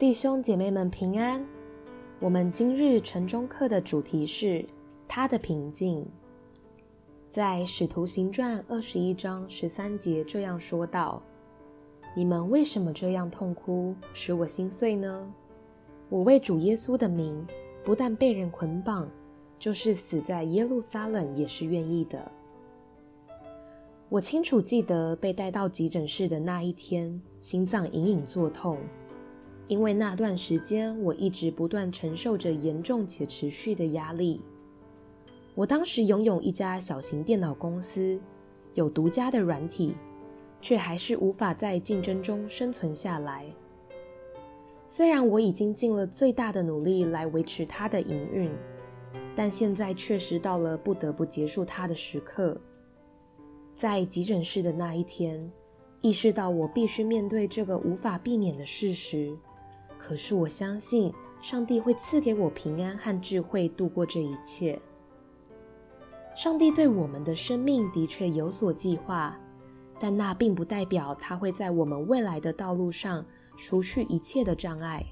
弟兄姐妹們平安。我們今日晨鐘課的主題是他的平靜。在使徒行傳二十一章十三節這樣說道：“你們為什麼這樣痛哭，使我心碎呢？我為主耶穌的名，不但被人捆綁，就是死在耶路撒冷也是願意的。”我清楚記得被帶到急診室的那一天，心臟隱隱作痛。因為那段時間，我一直不斷承受着嚴重且持續的壓力。我當時擁有一家小型電腦公司，有獨家的軟體，卻還是無法在競爭中生存下來。雖然我已經盡了最大的努力來維持它的營運，但現在確實到了不得不結束它的時刻。在急診室的那一天，意識到我必須面對這個無法避免的事實。可是我相信，上帝會賜給我平安和智慧，度過這一切。上帝對我們的生命的確有所計劃，但那並不代表他會在我們未來的道路上除去一切的障礙，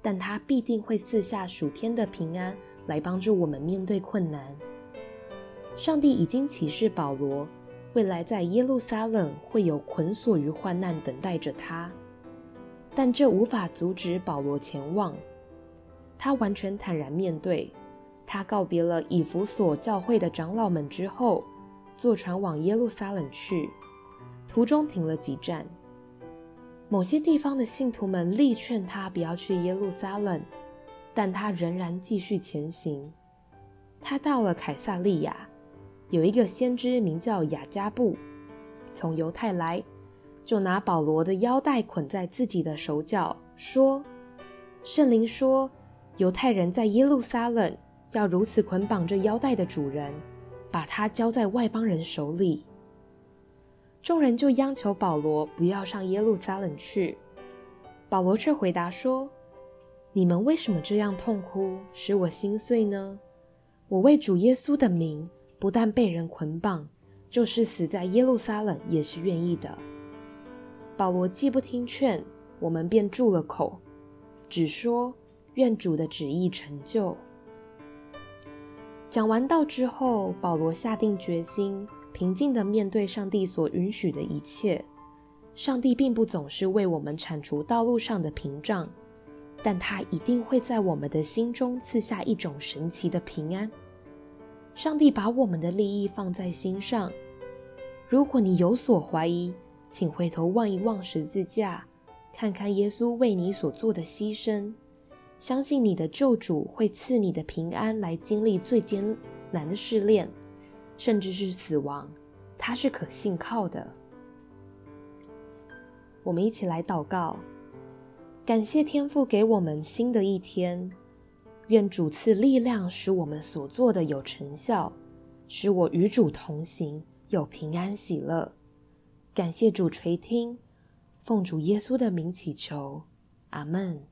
但他必定會賜下屬天的平安，來幫助我們面對困難。上帝已經啟示保羅，未來在耶路撒冷會有捆鎖與患難等待着他。但這無法阻止保羅前往。他完全坦然面對，他告別了以弗所教會的長老們之後，坐船往耶路撒冷去。途中停了幾站。某些地方的信徒們力勸他不要去耶路撒冷，但他仍然繼續前行。他到了凱撒利亞，有一個先知名叫雅加布，從猶太來。就拿保羅的腰帶捆在自己的手腳，說：“聖靈說，猶太人在耶路撒冷要如此捆綁這腰帶的主人，把他交在外邦人手裡。”眾人就央求保羅不要上耶路撒冷去。保羅却回答說：“你們為什麼這樣痛哭，使我心碎呢？我為主耶穌的名，不但被人捆綁，就是死在耶路撒冷也是願意的。”保羅既不聽勸，我們便住了口，只說願主的旨意成就。講完道之後，保羅下定決心，平靜地面對上帝所允許的一切。上帝並不總是為我們鏟除道路上的屏障，但他一定會在我們的心中賜下一種神奇的平安。上帝把我們的利益放在心上。如果你有所懷疑，請回頭望一望十字架，看看耶穌為你所做的犧牲，相信你的救主會賜你的平安來經歷最艱難的試煉，甚至是死亡。他是可信靠的。我們一起來禱告，感謝天父給我們新的一天，願主賜力量使我們所做的有成效，使我與主同行，有平安喜樂。感謝主垂聽，奉主耶穌的名祈求，阿門。